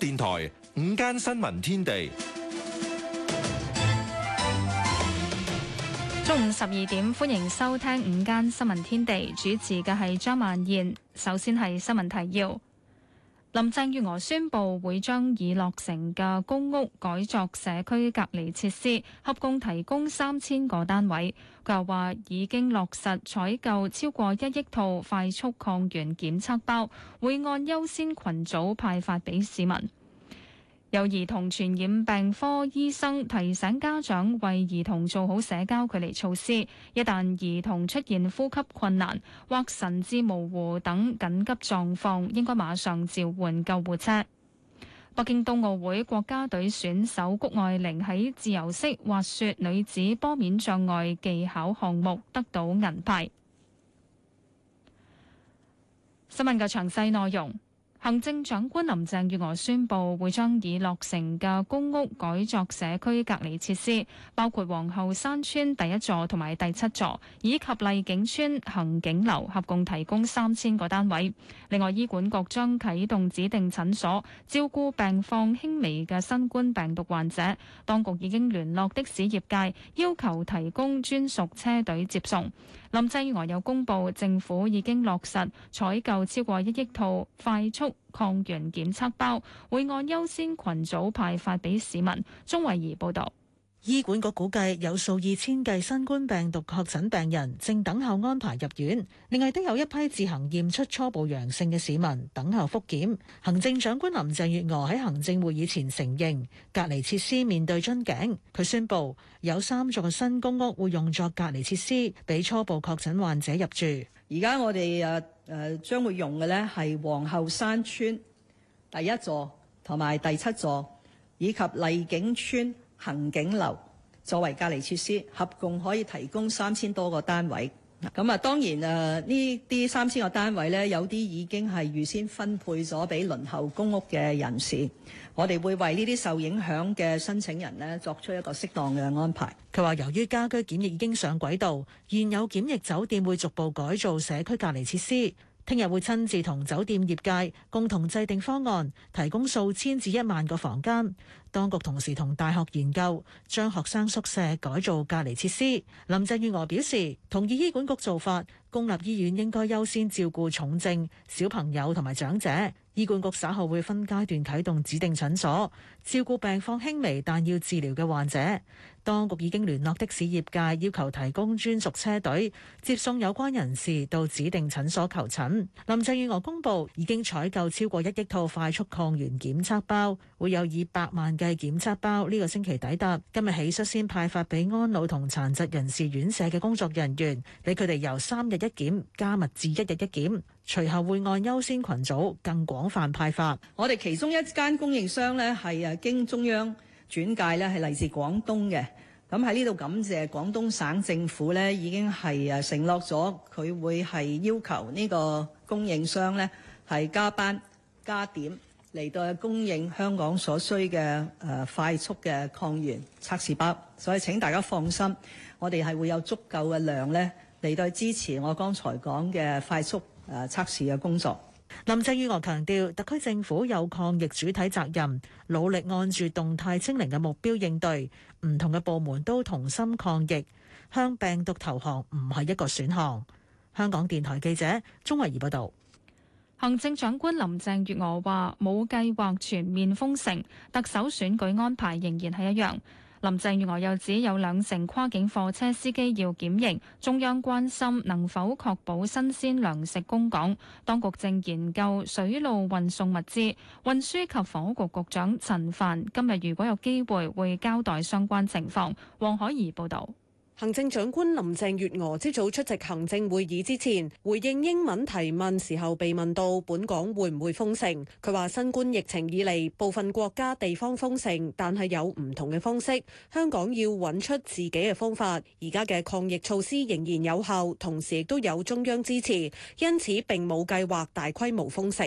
電台午間新聞天地，中午十二點，歡迎收聽午間新聞天地，主持嘅係張曼燕。首先係新聞提要：林鄭月娥宣布會將已落成嘅公屋改作社區隔離設施，合共提供三千個單位。佢又話已經落實採購超過一億套快速抗原檢測包，會按優先群組派發俾市民。有兒童傳染病科醫生提醒家長，為兒童做好社交距離措施。一旦兒童出現呼吸困難或神志模糊等緊急狀況，應該馬上召喚救護車。北京冬奧會國家隊選手谷愛凌喺自由式滑雪女子坡面障礙技巧項目得到銀牌。新聞嘅詳細內容。行政長官林鄭月娥宣布，會將已落成嘅公屋改作社區隔離設施，包括皇后山邨第一座同埋第七座，以及麗景邨恆景樓，合共提供三千個單位。另外，醫管局將啟動指定診所照顧病況輕微嘅新冠病毒患者。當局已經聯絡的士業界，要求提供專屬車隊接送。林鄭月娥又公布，政府已經落實採購超過一億套快速抗原檢測包，會按優先群組派發俾市民。鍾慧儀報道。醫管局估計有數以千計新冠病毒確診病人正等候安排入院，另外都有一批自行驗出初步陽性嘅市民等候複檢。行政長官林鄭月娥喺行政會議前承認，隔離設施面對樽頸。佢宣布有三座新公屋會用作隔離設施，俾初步確診患者入住。而家我哋誒誒將會用嘅呢係皇后山村第一座同埋第七座，以及麗景村。行景樓作為隔離設施，合共可以提供三千多個單位。咁啊，當然啊，呢啲三千個單位呢，有啲已經係預先分配咗俾輪候公屋嘅人士。我哋會為呢啲受影響嘅申請人呢，作出一個適當嘅安排。佢話：由於家居檢疫已經上軌道，現有檢疫酒店會逐步改造社區隔離設施。聽日會親自同酒店業界共同制定方案，提供數千至一萬個房間。當局同時同大學研究將學生宿舍改造隔離設施。林鄭月娥表示，同意醫管局做法，公立醫院應該優先照顧重症小朋友同埋長者。醫管局稍後會分階段啟動指定診所，照顧病況輕微但要治療嘅患者。當局已經聯絡的士業界，要求提供專屬車隊接送有關人士到指定診所求診。林鄭月娥公布已經採購超過一億套快速抗原檢測包，會有二百萬嘅檢測包呢個星期抵達，今日起率先派發俾安老同殘疾人士院舍嘅工作人員，俾佢哋由三日一檢加密至一日一檢，隨後會按優先群組更廣泛派發。我哋其中一間供應商呢，係誒經中央轉介呢係嚟自廣東嘅，咁喺呢度感謝廣東省政府呢已經係誒承諾咗佢會係要求呢個供應商呢係加班加點。嚟到去供應香港所需嘅誒快速嘅抗原測試包，所以請大家放心，我哋係會有足夠嘅量咧嚟到支持我剛才講嘅快速誒測試嘅工作。林鄭月娥強調，特區政府有抗疫主體責任，努力按住動態清零嘅目標應對，唔同嘅部門都同心抗疫，向病毒投降唔係一個選項。香港電台記者鍾慧儀報道。行政長官林鄭月娥話：冇計劃全面封城，特首選舉安排仍然係一樣。林鄭月娥又指有兩成跨境貨車司機要檢疫，中央關心能否確保新鮮糧食供港，當局正研究水路運送物資。運輸及房屋局局長陳帆今日如果有機會，會交代相關情況。黃海怡報導。行政長官林鄭月娥朝早出席行政會議之前，回應英文提問時候，被問到本港會唔會封城，佢話：新冠疫情以嚟，部分國家地方封城，但係有唔同嘅方式。香港要揾出自己嘅方法，而家嘅抗疫措施仍然有效，同時亦都有中央支持，因此並冇計劃大規模封城。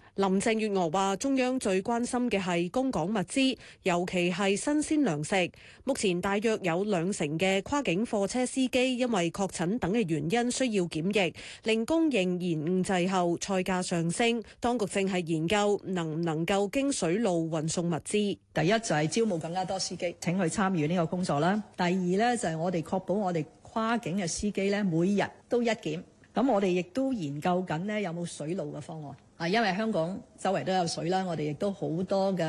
林鄭月娥話：中央最關心嘅係供港物資，尤其係新鮮糧食。目前大約有兩成嘅跨境貨車司機因為確診等嘅原因需要檢疫，令供應延誤滯後，菜價上升。當局正係研究能唔能夠經水路運送物資。第一就係招募更加多司機，請去參與呢個工作啦。第二呢，就係我哋確保我哋跨境嘅司機咧，每日都一檢。咁我哋亦都研究緊呢，有冇水路嘅方案啊？因為香港周圍都有水啦，我哋亦都好多嘅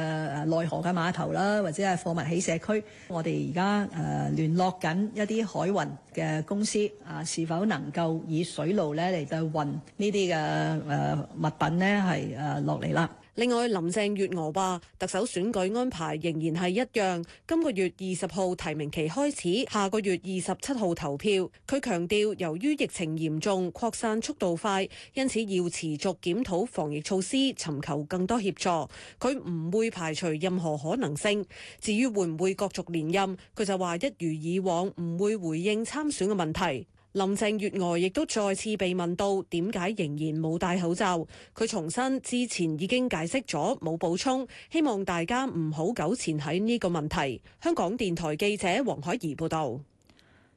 內河嘅碼頭啦，或者係貨物起社區，我哋而家呃聯絡緊一啲海運嘅公司啊，是否能夠以水路呢嚟到運呢啲嘅、呃、物品呢？係呃落嚟啦。呃另外，林鄭月娥話特首選舉安排仍然係一樣，今個月二十號提名期開始，下個月二十七號投票。佢強調由於疫情嚴重擴散速度快，因此要持續檢討防疫措施，尋求更多協助。佢唔會排除任何可能性。至於會唔會角逐連任，佢就話一如以往唔會回應參選嘅問題。林鄭月娥亦都再次被問到點解仍然冇戴口罩，佢重申之前已經解釋咗，冇補充，希望大家唔好糾纏喺呢個問題。香港電台記者黃海怡報導。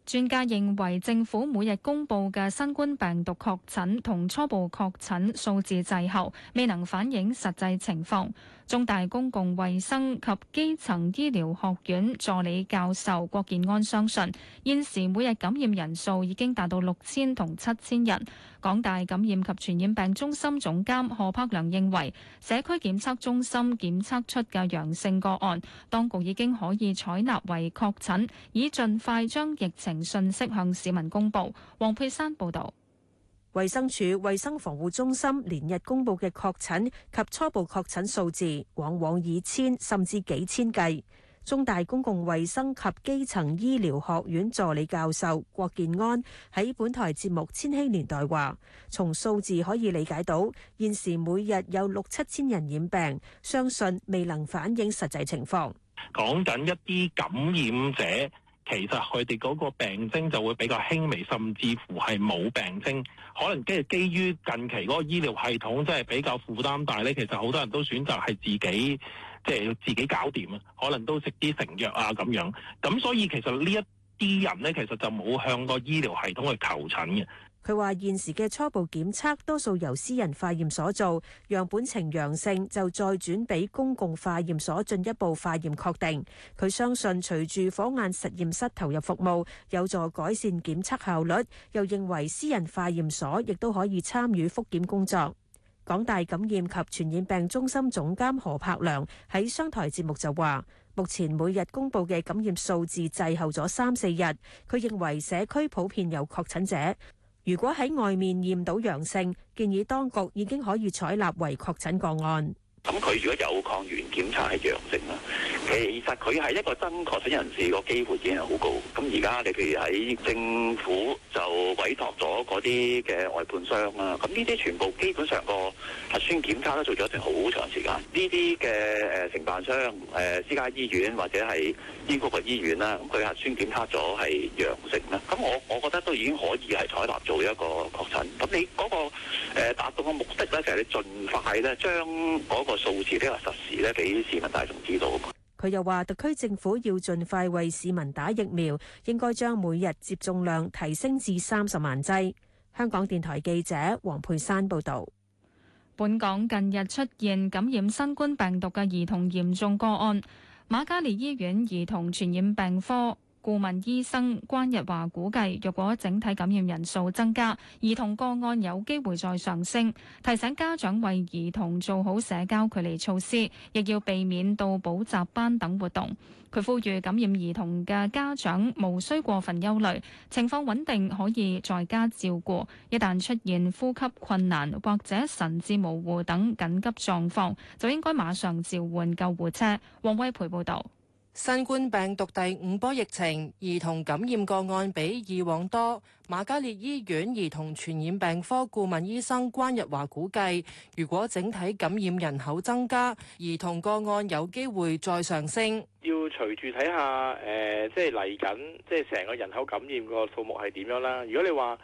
專家認為政府每日公布嘅新冠病毒確診同初步確診數字滯後，未能反映實際情況。中大公共衛生及基層醫療學院助理教授郭建安相信，現時每日感染人數已經達到六千同七千人。港大感染及傳染病中心總監何柏良認為社區檢測中心檢測出嘅陽性個案，當局已經可以採納為確診，以盡快將疫情信息，向市民公布，黃佩珊報道。衛生署衛生防護中心連日公布嘅確診及初步確診數字，往往以千甚至幾千計。中大公共衛生及基層醫療學院助理教授郭建安喺本台節目《千禧年代》話，從數字可以理解到，現時每日有六七千人染病，相信未能反映實際情況，講緊一啲感染者。其實佢哋嗰個病徵就會比較輕微，甚至乎係冇病徵，可能基基於近期嗰個醫療系統真係比較負擔大，係咧，其實好多人都選擇係自己即係自己搞掂啊，可能都食啲成藥啊咁樣，咁所以其實呢一啲人咧，其實就冇向個醫療系統去求診嘅。佢話：現時嘅初步檢測多數由私人化驗所做，樣本呈陽性就再轉俾公共化驗所進一步化驗確定。佢相信隨住火眼實驗室投入服務，有助改善檢測效率。又認為私人化驗所亦都可以參與復檢工作。港大感染及傳染病中心總監何柏良喺商台節目就話：目前每日公布嘅感染數字滯後咗三四日。佢認為社區普遍有確診者。如果喺外面驗到陽性，建議當局已經可以採納為確診個案。咁佢如果有抗原檢測係陽性啦，其實佢係一個真確診人士個機會已經係好高。咁而家你譬如喺政府就委託咗嗰啲嘅外判商啊，咁呢啲全部基本上個核酸檢測都做咗成好長時間。呢啲嘅誒承辦商、誒私家醫院或者係醫管局嘅醫院啦，咁佢核酸檢測咗係陽性啦。咁我我覺得都已經可以係採納做一個確診。咁你嗰個誒達到嘅目的咧，就係你盡快咧將嗰個。數字比較實時咧，俾市民大眾知道。佢又話，特區政府要盡快為市民打疫苗，應該將每日接種量提升至三十萬劑。香港電台記者黃佩珊報導。本港近日出現感染新冠病毒嘅兒童嚴重個案，瑪嘉烈醫院兒童傳染病科。顧問醫生關日華估計，若果整體感染人數增加，兒童個案有機會再上升。提醒家長為兒童做好社交距離措施，亦要避免到補習班等活動。佢呼籲感染兒童嘅家長無需過分憂慮，情況穩定，可以在家照顧。一旦出現呼吸困難或者神志模糊等緊急狀況，就應該馬上召喚救護車。王威培報導。新冠病毒第五波疫情，兒童感染個案比以往多。瑪嘉烈醫院兒童傳染病科顧問醫生關日華估計，如果整體感染人口增加，兒童個案有機會再上升。要隨住睇下，誒、呃、即係嚟緊，即係成個人口感染個數目係點樣啦。如果你話，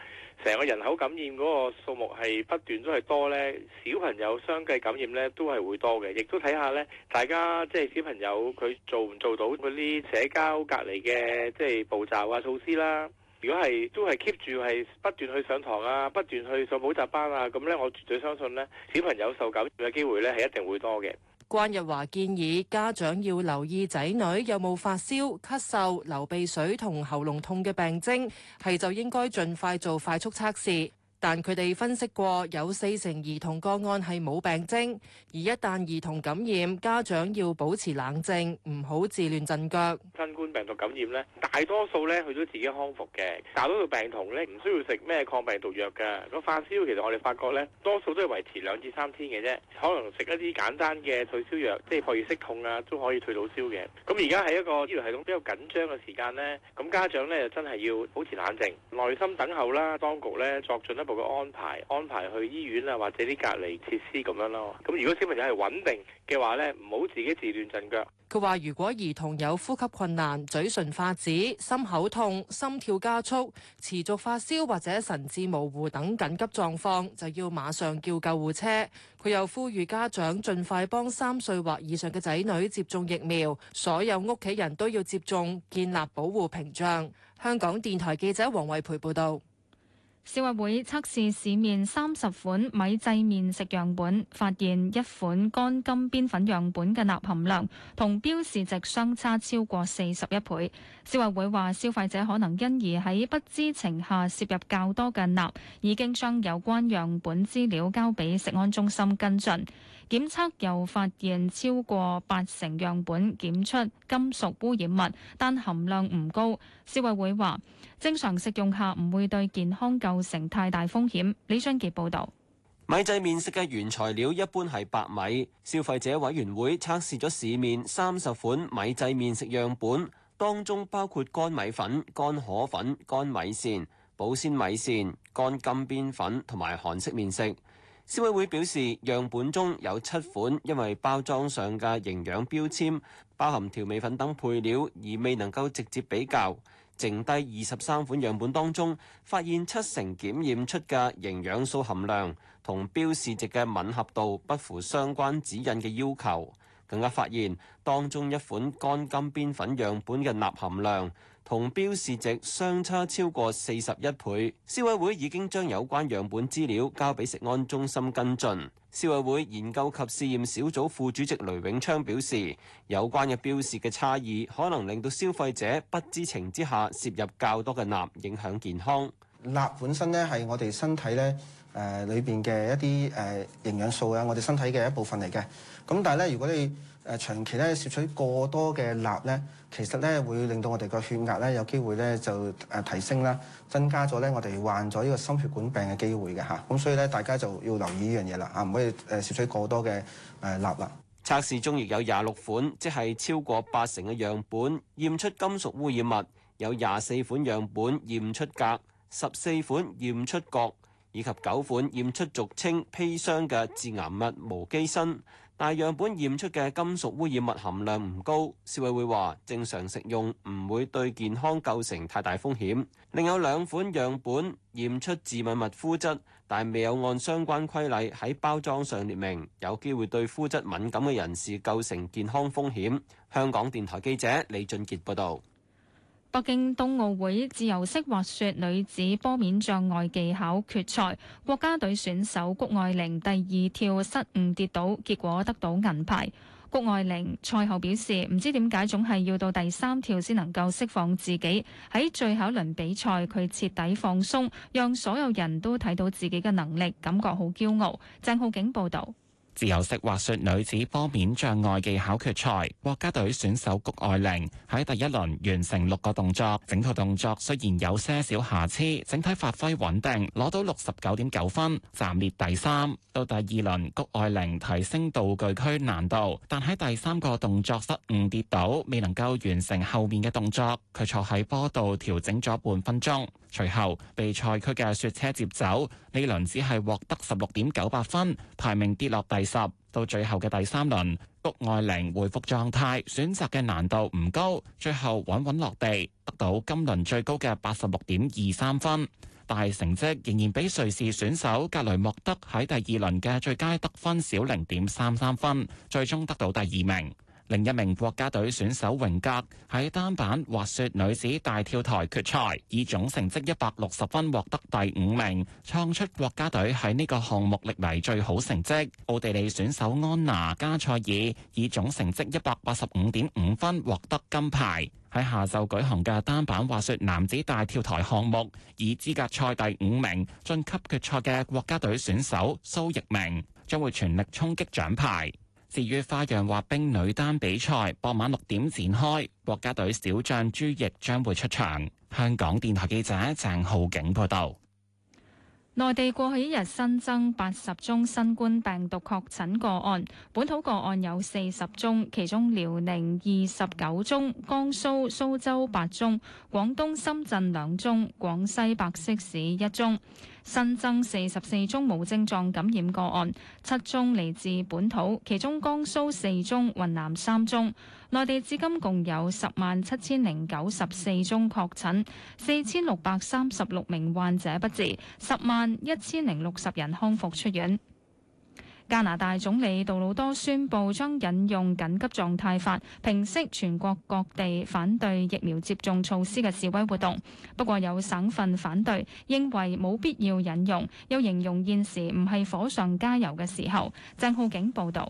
成個人口感染嗰個數目係不斷都係多呢，小朋友相繼感染呢都係會多嘅，亦都睇下呢，大家即係、即係、小朋友佢做唔做到嗰啲社交隔離嘅即係步驟啊措施啦。如果係都係 keep 住係不斷去上堂啊，不斷去上補習班啊，咁呢，我絕對相信呢，小朋友受感染嘅機會呢係一定會多嘅。關日華建議家長要留意仔女有冇發燒、咳嗽、流鼻水同喉嚨痛嘅病徵，係就應該盡快做快速測試。但佢哋分析過，有四成兒童個案係冇病徵，而一旦兒童感染，家長要保持冷靜，唔好自亂陣腳。新冠病毒感染咧，大多數咧佢都自己康復嘅，大多數病童咧唔需要食咩抗病毒藥嘅。個發燒其實我哋發覺咧，多數都係維持兩至三天嘅啫，可能食一啲簡單嘅退燒藥，即係可以息痛啊，都可以退到燒嘅。咁而家喺一個醫療系統比較緊張嘅時間咧，咁家長咧真係要保持冷靜，耐心等候啦。當局咧作進一步個安排安排去醫院啦，或者啲隔離設施咁樣咯。咁如果小朋友係穩定嘅話咧，唔好自己自亂陣腳。佢話：如果兒童有呼吸困難、嘴唇發紫、心口痛、心跳加速、持續發燒或者神志模糊等緊急狀況，就要馬上叫救護車。佢又呼籲家長盡快幫三歲或以上嘅仔女接種疫苗，所有屋企人都要接種，建立保護屏障。香港電台記者黃慧培報導。消委會測試市面三十款米製麵食樣本，發現一款乾金邊粉樣本嘅鈉含量同標示值相差超過四十一倍。消委會話，消費者可能因而喺不知情下攝入較多嘅鈉，已經將有關樣本資料交俾食安中心跟進。檢測又發現超過八成樣本檢出金屬污染物，但含量唔高。消委會話：正常食用下唔會對健康構成太大風險。李俊傑報導，米製麵食嘅原材料一般係白米。消費者委員會測試咗市面三十款米製麵食樣本，當中包括乾米粉、乾河粉、乾米線、保鮮米線、乾金邊粉同埋韓式麵食。消委會表示，樣本中有七款因為包裝上嘅營養標籤包含調味粉等配料，而未能夠直接比較。剩低二十三款樣本當中，發現七成檢驗出嘅營養素含量同標示值嘅吻合度不符相關指引嘅要求。更加發現當中一款乾金邊粉樣本嘅鈉含量，同標示值相差超過四十一倍，消委會已經將有關樣本資料交俾食安中心跟進。消委會研究及試驗小組副主席雷永昌表示，有關嘅標示嘅差異，可能令到消費者不知情之下，攝入較多嘅鈉，影響健康。鈉本身咧係我哋身體咧誒裏邊嘅一啲誒營養素啊，我哋身體嘅一部分嚟嘅。咁但係咧，如果你誒長期咧攝取過多嘅鈉咧，其實咧會令到我哋個血壓咧有機會咧就誒提升啦，增加咗咧我哋患咗呢個心血管病嘅機會嘅嚇，咁所以咧大家就要留意呢樣嘢啦嚇，唔可以誒攝取過多嘅誒鈉啦。測試中亦有廿六款，即係超過八成嘅樣本驗出金屬污染物，有廿四款樣本驗出鉻，十四款驗出鈷，以及九款驗出俗稱砒霜嘅致癌物無機砷。但樣本驗出嘅金屬污染物含量唔高，消委會話正常食用唔會對健康構成太大風險，另有兩款樣本驗出致敏物膚質，但未有按相關規例喺包裝上列明，有機會對膚質敏感嘅人士構成健康風險，香港電台記者李俊杰報道。北京冬奧會自由式滑雪女子坡面障礙技巧決賽，國家隊選手谷愛凌第二跳失誤跌倒，結果得到銀牌。谷愛凌賽後表示，唔知點解總係要到第三跳先能夠釋放自己。喺最後一輪比賽，佢徹底放鬆，讓所有人都睇到自己嘅能力，感覺好驕傲。鄭浩景報道。自由式滑雪女子坡面障礙技巧決賽，國家隊選手谷愛玲喺第一輪完成六個動作，整套動作雖然有些少瑕疵，整體發揮穩定，攞到六十九點九分，暫列第三。到第二輪，谷愛玲提升道具區難度，但喺第三個動作失誤跌倒，未能夠完成後面嘅動作，佢坐喺坡度調整咗半分鐘。隨後被賽區嘅雪車接走，呢輪只係獲得十六點九八分，排名跌落第十。到最後嘅第三輪，谷愛玲回復狀態，選擇嘅難度唔高，最後穩穩落地，得到今輪最高嘅八十六點二三分。但係成績仍然比瑞士選手格雷莫德喺第二輪嘅最佳得分少零點三三分，最終得到第二名。另一名國家隊選手榮格喺單板滑雪女子大跳台決賽，以總成績一百六十分獲得第五名，創出國家隊喺呢個項目歷嚟最好成績。奧地利選手安娜加塞爾以總成績一百八十五點五分獲得金牌。喺下晝舉行嘅單板滑雪男子大跳台項目，以資格賽第五名晉級決賽嘅國家隊選手蘇翊鳴，將會全力衝擊獎牌。至於花樣滑冰女單比賽，傍晚六點展開，國家隊小將朱易將會出場。香港電台記者鄭浩景報道。內地過去一日新增八十宗新冠病毒確診個案，本土個案有四十宗，其中遼寧二十九宗，江蘇蘇州八宗，廣東深圳兩宗，廣西百色市一宗。新增四十四宗無症狀感染個案，七宗嚟自本土，其中江蘇四宗、雲南三宗。內地至今共有十萬七千零九十四宗確診，四千六百三十六名患者不治，十萬一千零六十人康復出院。加拿大總理杜魯多宣布將引用緊急狀態法，平息全國各地反對疫苗接種措施嘅示威活動。不過有省份反對，認為冇必要引用，又形容現時唔係火上加油嘅時候。鄭浩景報導，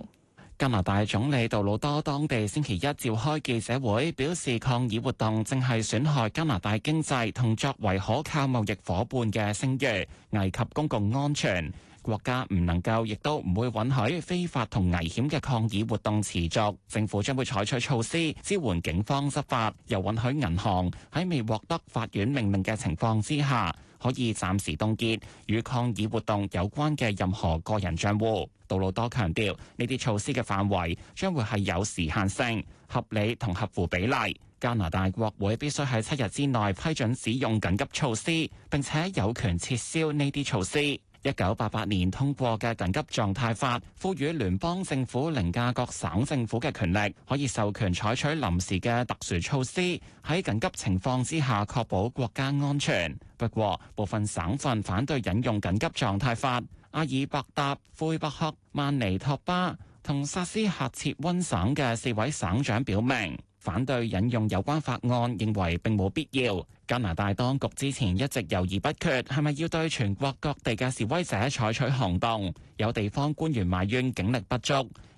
加拿大總理杜魯多當地星期一召開記者會，表示抗議活動正係損害加拿大經濟同作為可靠貿易伙伴嘅聲譽，危及公共安全。國家唔能夠，亦都唔會允許非法同危險嘅抗議活動持續。政府將會採取措施支援警方執法，又允許銀行喺未獲得法院命令嘅情況之下，可以暫時凍結與抗議活動有關嘅任何個人帳戶。杜魯多強調，呢啲措施嘅範圍將會係有時限性、合理同合乎比例。加拿大國會必須喺七日之內批准使用緊急措施，並且有權撤銷呢啲措施。一九八八年通過嘅緊急狀態法，賦予聯邦政府凌駕各省政府嘅權力，可以授權採取臨時嘅特殊措施，喺緊急情況之下確保國家安全。不過，部分省份反對引用緊急狀態法。阿爾伯達、魁北克、曼尼托巴同薩斯喀徹溫省嘅四位省長表明，反對引用有關法案，認為並冇必要。加拿大當局之前一直猶豫不決，係咪要對全國各地嘅示威者採取行動？有地方官員埋怨警力不足，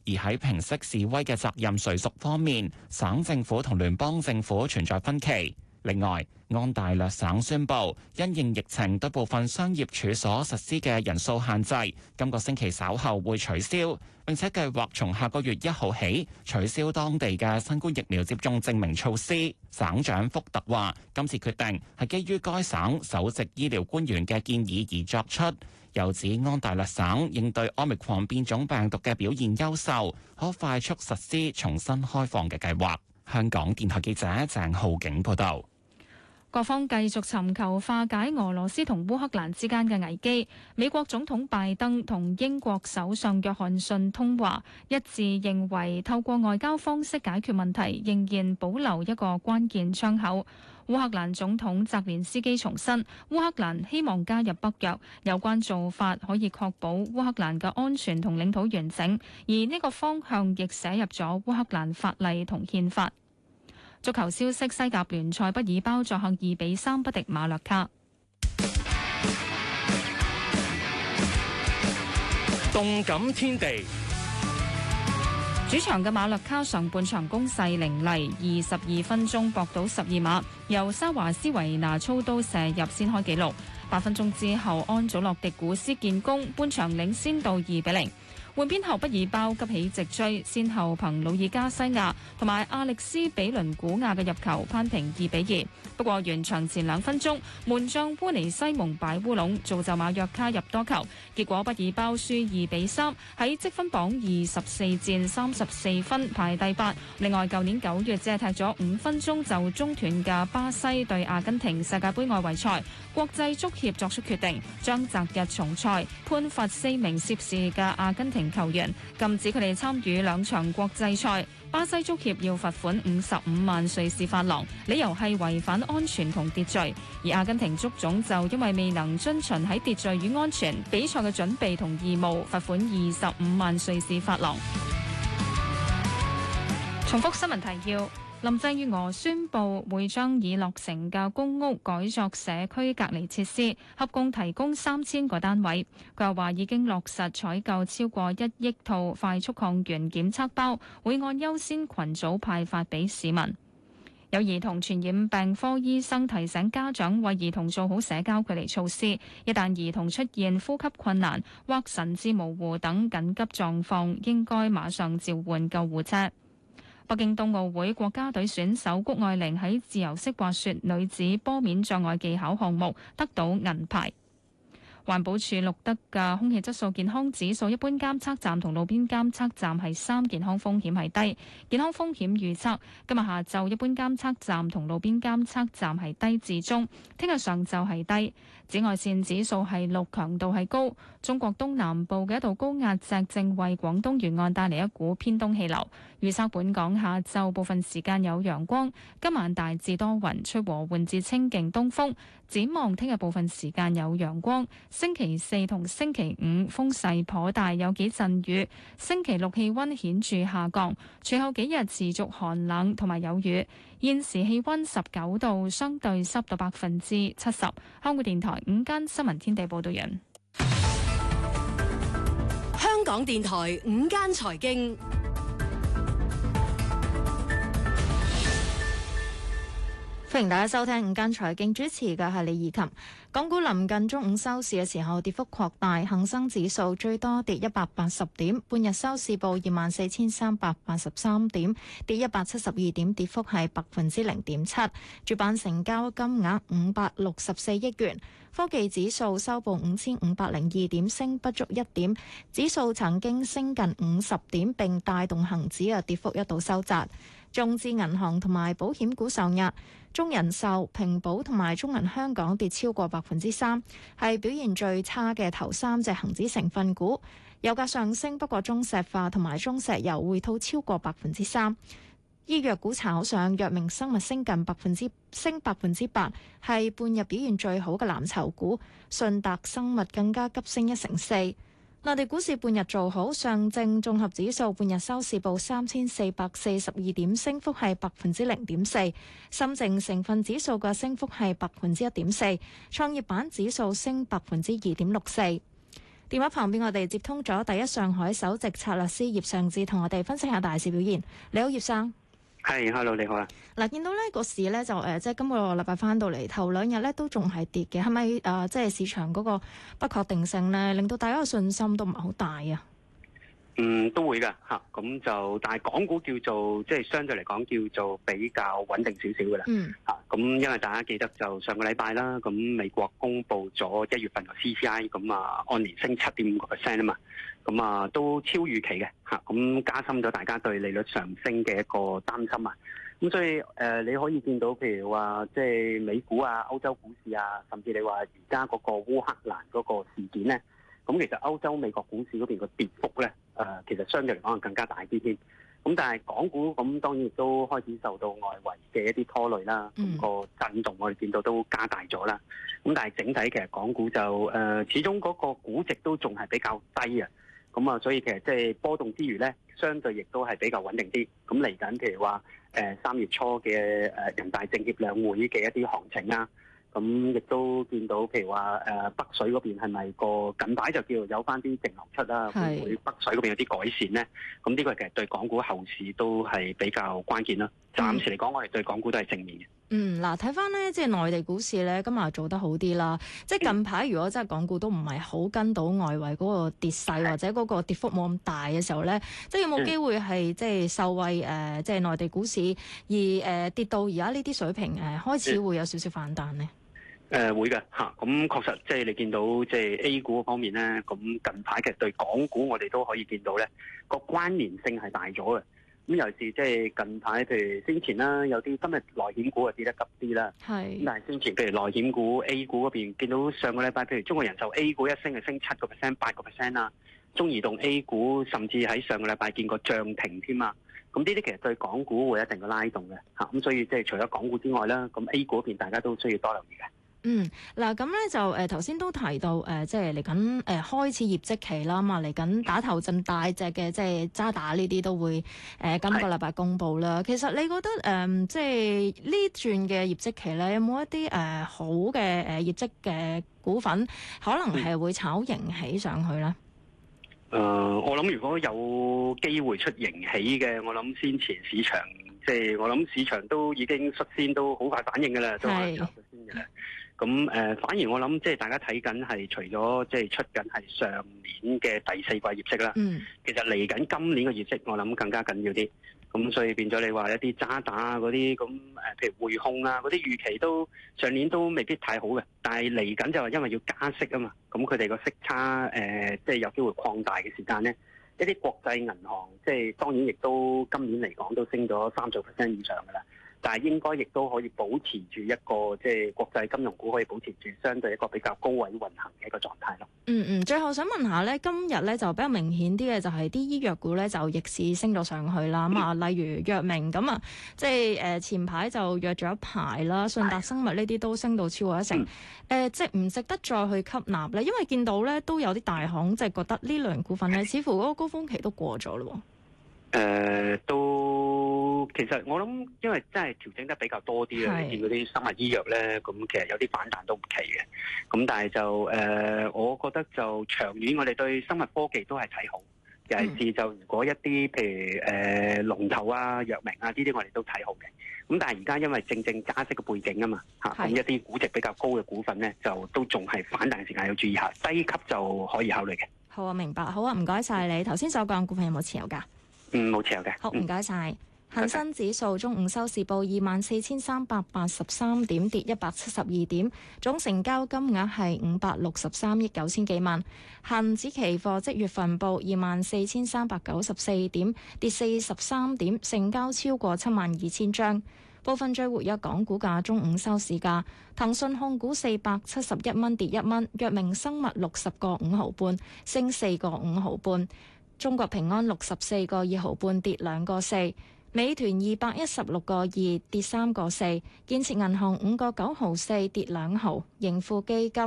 而喺平息示威嘅責任誰屬方面，省政府同聯邦政府存在分歧。另外，安大略省宣布，因應疫情對部分商業處所實施嘅人數限制，今個星期稍後會取消。並且計劃從下個月一號起取消當地嘅新冠疫苗接種證明措施。省長福特話：今次決定係基於該省首席醫療官員嘅建議而作出。又指安大略省應對奧密克戎變種病毒嘅表現優秀，可快速實施重新開放嘅計劃，香港電台記者鄭浩景報道。各方繼續尋求化解俄羅斯同烏克蘭之間嘅危機。美國總統拜登同英國首相約翰遜通話，一致認為透過外交方式解決問題，仍然保留一個關鍵窗口。烏克蘭總統澤連斯基重申，烏克蘭希望加入北約，有關做法可以確保烏克蘭嘅安全同領土完整，而呢個方向亦寫入咗烏克蘭法例同憲法。足球消息：西甲聯賽，畢爾包作客二比三不敵馬略卡。動感天地，主場嘅馬略卡上半場攻勢凌厲，二十二分鐘搏到十二碼，由沙華斯維拿操刀射入先開紀錄。八分鐘之後，安祖洛迪古斯建功，半場領先到二比零。換邊後，不爾包急起直追，先後憑努爾加西亞同埋阿歷斯比倫古亞嘅入球攀平二比二。不過，完場前兩分鐘，門將烏尼西蒙擺烏龍，造就馬約卡入多球，結果不爾包輸二比三。喺積分榜二十四戰三十四分，排第八。另外，舊年九月只係踢咗五分鐘就中斷嘅巴西對阿根廷世界盃外圍賽，國際足協作出決定，將擇日重賽，判罰四名涉事嘅阿根廷。球員禁止佢哋參與兩場國際賽，巴西足協要罰款五十五萬瑞士法郎，理由係違反安全同秩序。而阿根廷足總就因為未能遵循喺秩序與安全比賽嘅準備同義務，罰款二十五萬瑞士法郎。重複新聞提要。林鄭月娥宣布會將已落成嘅公屋改作社區隔離設施，合共提供三千個單位。佢又話已經落實採購超過一億套快速抗原檢測包，會按優先群組派發俾市民。有兒童傳染病科醫生提醒家長，為兒童做好社交距離措施。一旦兒童出現呼吸困難或神志模糊等緊急狀況，應該馬上召喚救護車。北京冬奧會國家隊選手谷愛玲喺自由式滑雪女子坡面障礙技巧項目得到銀牌。環保署錄得嘅空氣質素健康指數，一般監測站同路邊監測站係三，健康風險係低，健康風險預測今日下晝一般監測站同路邊監測站係低至中，聽日上晝係低。紫外綫指數係六，強度係高。中國東南部嘅一道高壓脊正為廣東沿岸帶嚟一股偏東氣流。預測本港下晝部分時間有陽光，今晚大致多雲，吹和緩至清勁東風。展望聽日部分時間有陽光，星期四同星期五風勢頗大，有幾陣雨。星期六氣溫顯著下降，隨後幾日持續寒冷同埋有雨。現時氣溫十九度，相對濕度百分之七十。香港電台午間新聞天地報道完。香港電台午間財經。歡迎大家收聽午間財經，主持嘅係李怡琴。港股臨近中午收市嘅時候，跌幅擴大，恒生指數最多跌一百八十點，半日收市報二萬四千三百八十三點，跌一百七十二點，跌幅係百分之零點七。主板成交金額五百六十四億元。科技指數收報五千五百零二點，升不足一點。指數曾經升近五十點，並帶動恒指嘅跌幅一度收窄。中資銀行同埋保險股受壓，中人壽、平保同埋中銀香港跌超過百分之三，係表現最差嘅頭三隻恒指成分股。油價上升，不過中石化同埋中石油回吐超過百分之三。醫藥股炒上，藥明生物升近百分之升百分之八，係半日表現最好嘅藍籌股。信達生物更加急升一成四。內地股市半日做好，上證綜合指數半日收市報三千四百四十二點，升幅係百分之零點四；深證成分指數嘅升幅係百分之一點四，創業板指數升百分之二點六四。電話旁邊，我哋接通咗第一上海首席策略師葉尚志，同我哋分析下大市表現。你好，葉生。係，hello，你好啊。嗱，見到咧個市咧就誒、是呃，即係今個禮拜翻到嚟，頭兩日咧都仲係跌嘅，係咪誒，即係市場嗰個不確定性咧，令到大家嘅信心都唔係好大啊？嗯，都會噶嚇，咁、啊、就但係港股叫做即係相對嚟講叫做比較穩定少少嘅啦。嗯，嚇咁、啊、因為大家記得就上個禮拜啦，咁、啊、美國公布咗一月份嘅 CPI 咁啊按年升七點五個 percent 啊嘛，咁啊都超預期嘅嚇，咁、啊、加深咗大家對利率上升嘅一個擔心啊。咁、啊、所以誒、呃，你可以見到譬如話，即、就、係、是、美股啊、歐洲股市啊，甚至你話而家嗰個烏克蘭嗰個事件咧。咁其實歐洲、美國股市嗰邊個跌幅咧，誒、呃、其實相對嚟講係更加大啲添。咁但係港股咁當然亦都開始受到外圍嘅一啲拖累啦，嗯、個震動我哋見到都加大咗啦。咁但係整體其實港股就誒、呃、始終嗰個估值都仲係比較低啊。咁啊，所以其實即係波動之餘咧，相對亦都係比較穩定啲。咁嚟緊，譬如話誒三月初嘅誒人大政協兩會嘅一啲行情啊。咁亦都見到，譬如話誒、呃、北水嗰邊係咪個近排就叫有翻啲淨流出啦、啊？是會唔會北水嗰邊有啲改善咧？咁呢個其實對港股後市都係比較關鍵啦、啊。暫時嚟講，嗯、我係對港股都係正面嘅。嗯，嗱、啊，睇翻咧，即係內地股市咧，今日做得好啲啦。即係近排，如果真係港股都唔係好跟到外圍嗰個跌勢，或者嗰個跌幅冇咁大嘅時候咧，即係有冇機會係、嗯、即係受惠誒、呃？即係內地股市而誒、呃、跌到而家呢啲水平誒，開始會有少少反彈咧？誒、呃、會嘅嚇，咁、啊嗯、確實即係你見到即係 A 股嗰方面咧，咁近排其實對港股我哋都可以見到咧，個關聯性係大咗嘅。咁、嗯、尤其是即係近排，譬如先前啦，有啲今日內險股啊跌得急啲啦，係是。咁但係先前，譬如內險股 A 股嗰邊見到上個禮拜，譬如中國人壽 A 股一升就升七個 percent、八個 percent 啦，中移動 A 股甚至喺上個禮拜見過漲停添嘛。咁呢啲其實對港股會有一定嘅拉動嘅嚇，咁、啊嗯、所以即係除咗港股之外啦，咁 A 股嗰邊大家都需要多留意嘅。嗯，嗱，咁咧就誒頭先都提到誒、呃，即係嚟緊誒開始業績期啦嘛，嚟、嗯、緊打頭陣大隻嘅，即係渣打呢啲都會誒、呃、今個禮拜公布啦。是其實你覺得誒、呃，即係呢轉嘅業績期咧，有冇一啲誒、呃、好嘅誒業績嘅股份，可能係會炒型起上去咧？誒、呃，我諗如果有機會出型起嘅，我諗先前市場即係、就是、我諗市場都已經率先都好快反應㗎啦，就係先嘅。咁誒，反而我諗，即係大家睇緊係，除咗即係出緊係上年嘅第四季業績啦，嗯、其實嚟緊今年嘅業績，我諗更加緊要啲。咁所以變咗你話一啲渣打嗰啲咁誒，譬如匯控啊，嗰啲預期都上年都未必太好嘅，但係嚟緊就係因為要加息啊嘛，咁佢哋個息差誒，即、呃、係、就是、有機會擴大嘅時間咧，一啲國際銀行即係、就是、當然亦都今年嚟講都升咗三十 percent 以上㗎啦。但係應該亦都可以保持住一個即係國際金融股可以保持住相對一個比較高位運行嘅一個狀態咯。嗯嗯，最後想問下咧，今日咧就比較明顯啲嘅就係啲醫藥股咧就逆市升咗上去啦。咁啊、嗯，例如藥明咁啊，即係誒、呃、前排就約咗一排啦，信達生物呢啲都升到超過一成。誒、嗯呃，即係唔值得再去吸納咧？因為見到咧都有啲大行即係、就是、覺得呢兩股份咧，似乎嗰個高峰期都過咗啦喎。嗯誒、呃，都其實我諗，因為真係調整得比較多啲啦。見嗰啲生物醫藥咧，咁其實有啲反彈都唔奇嘅。咁但係就誒、呃，我覺得就長遠，我哋對生物科技都係睇好。尤其是就如果一啲譬如誒、呃、龍頭啊、藥明啊呢啲，我哋都睇好嘅。咁但係而家因為正正加息嘅背景啊嘛，吓咁是一啲估值比較高嘅股份咧，就都仲係反彈時間要注意下。低級就可以考慮嘅。好啊，明白。好啊，唔該晒你。頭先所講嘅股份有冇持有㗎？嗯，冇錯嘅。好，唔該晒。恒生指數中午收市報二萬四千三百八十三點，跌一百七十二點，總成交金額係五百六十三億九千幾萬。恒指期貨即月份報二萬四千三百九十四點，跌四十三點，成交超過七萬二千張。部分追活躍港股價中午收市價，騰訊控股四百七十一蚊，跌一蚊；藥明生物六十個五毫半，升四個五毫半。中國平安六十四個二毫半跌兩個四，美團二百一十六個二跌三個四，建設銀行五個九毫四跌兩毫，盈富基金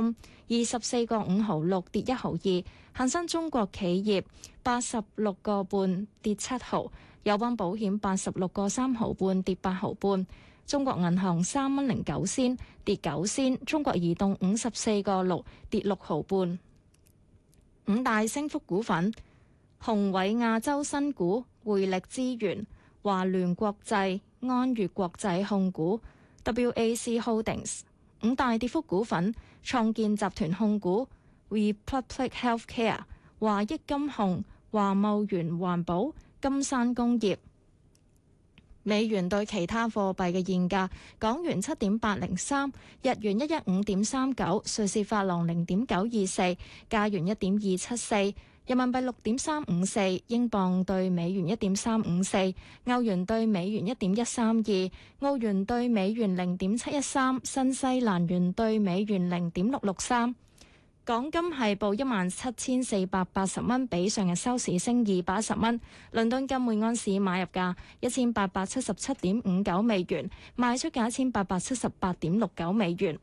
二十四個五毫六跌一毫二，恒生中國企業八十六個半跌七毫，友邦保險八十六個三毫半跌八毫半，中國銀行三蚊零九仙跌九仙，中國移動五十四個六跌六毫半，五大升幅股份。宏偉亞洲新股匯力資源華聯國際安悦國際控股 WAC Holdings 五大跌幅股份創建集團控股 Republic Healthcare 華億金控華茂源環保金山工業美元對其他貨幣嘅現價：港元七點八零三，日元一一五點三九，瑞士法郎零點九二四，加元一點二七四。人民幣六點三五四，英鎊對美元一點三五四，歐元對美元一點一三二，澳元對美元零點七一三，新西蘭元對美元零點六六三。港金係報一萬七千四百八十蚊，比上日收市升二百一十蚊。倫敦金每盎司買入價一千八百七十七點五九美元，賣出價一千八百七十八點六九美元。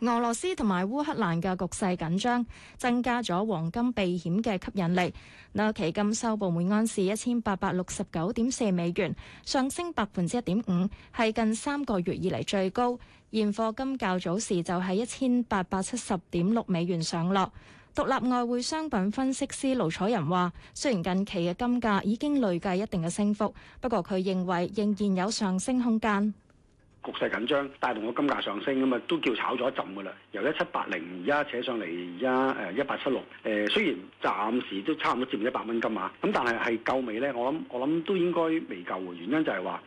俄羅斯同埋烏克蘭嘅局勢緊張，增加咗黃金避險嘅吸引力。那期金收報每盎司一千八百六十九點四美元，上升百分之一點五，係近三個月以嚟最高。現貨金較早時就喺一千八百七十點六美元上落。獨立外匯商品分析師盧楚仁話，雖然近期嘅金價已經累計一定嘅升幅，不過佢認為仍然有上升空間。局勢緊張，帶動個金價上升咁啊，都叫炒咗一陣噶啦。由一七八零而家扯上嚟，而家誒一八七六誒，雖然暫時都差唔多佔一百蚊金額，咁但係係夠未呢？我諗我諗都應該未夠喎。原因就係話，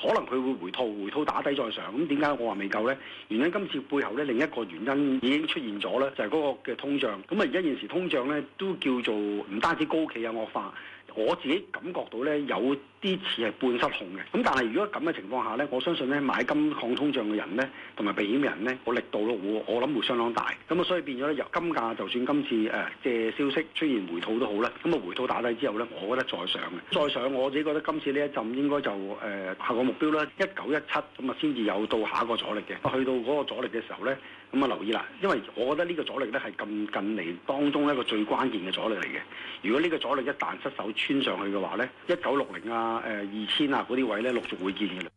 可能佢會回吐，回吐打底再上。咁點解我話未夠呢？原因今次背後咧，另一個原因已經出現咗啦，就係、是、嗰個嘅通脹。咁啊，而家現時通脹咧都叫做唔單止高企、啊，有惡化。我自己感覺到咧有啲似係半失控嘅，咁但係如果咁嘅情況下咧，我相信咧買金抗通脹嘅人咧，同埋避險人咧個力度都我我諗會相當大咁啊，所以變咗咧由金價就算今次誒嘅、呃、消息出現回吐都好啦，咁啊回吐打低之後咧，我覺得再上嘅，再上我自己覺得今次呢一陣應該就誒、呃、下個目標啦，一九一七咁啊先至有到下一個阻力嘅，去到嗰個阻力嘅時候咧。咁啊，留意啦，因為我覺得呢個阻力咧係咁近嚟當中一個最關鍵嘅阻力嚟嘅。如果呢個阻力一旦失手穿上去嘅話咧，一九六零啊、誒二千啊嗰啲位咧，陸續會見嘅啦。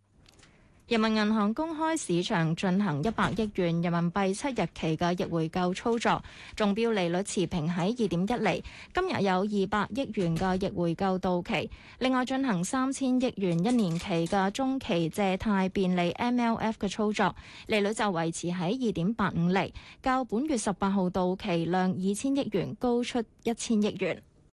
人民銀行公開市場進行一百億元人民幣七日期嘅逆回購操作，中標利率持平喺二點一厘。今日有二百億元嘅逆回購到期，另外進行三千億元一年期嘅中期借貸便利 （MLF） 嘅操作，利率就維持喺二點八五厘，較本月十八號到期量二千億元高出一千億元。